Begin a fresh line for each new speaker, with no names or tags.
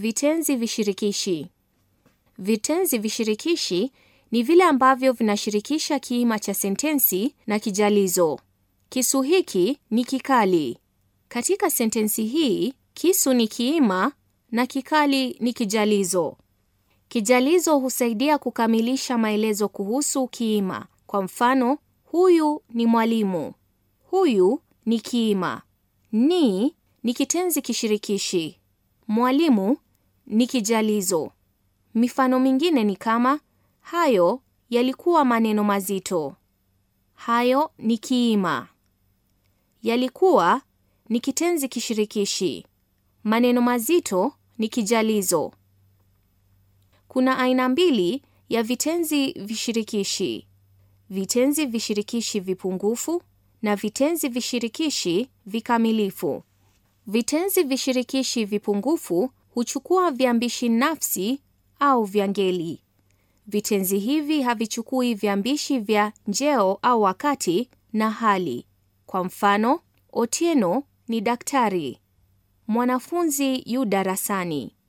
Vitenzi vishirikishi. Vitenzi vishirikishi ni vile ambavyo vinashirikisha kiima cha sentensi na kijalizo. Kisu hiki ni kikali. Katika sentensi hii, kisu ni kiima na kikali ni kijalizo. Kijalizo husaidia kukamilisha maelezo kuhusu kiima. Kwa mfano, huyu ni mwalimu. Huyu ni kiima. Ni ni kitenzi kishirikishi. Mwalimu ni kijalizo. Mifano mingine ni kama hayo yalikuwa maneno mazito, hayo ni kiima. Yalikuwa ni kitenzi kishirikishi, maneno mazito ni kijalizo. Kuna aina mbili ya vitenzi vishirikishi: vitenzi vishirikishi vipungufu na vitenzi vishirikishi vikamilifu. Vitenzi vishirikishi vipungufu huchukua viambishi nafsi au vyangeli. Vitenzi hivi havichukui viambishi vya njeo au wakati na hali. Kwa mfano, Otieno ni daktari. Mwanafunzi yu darasani.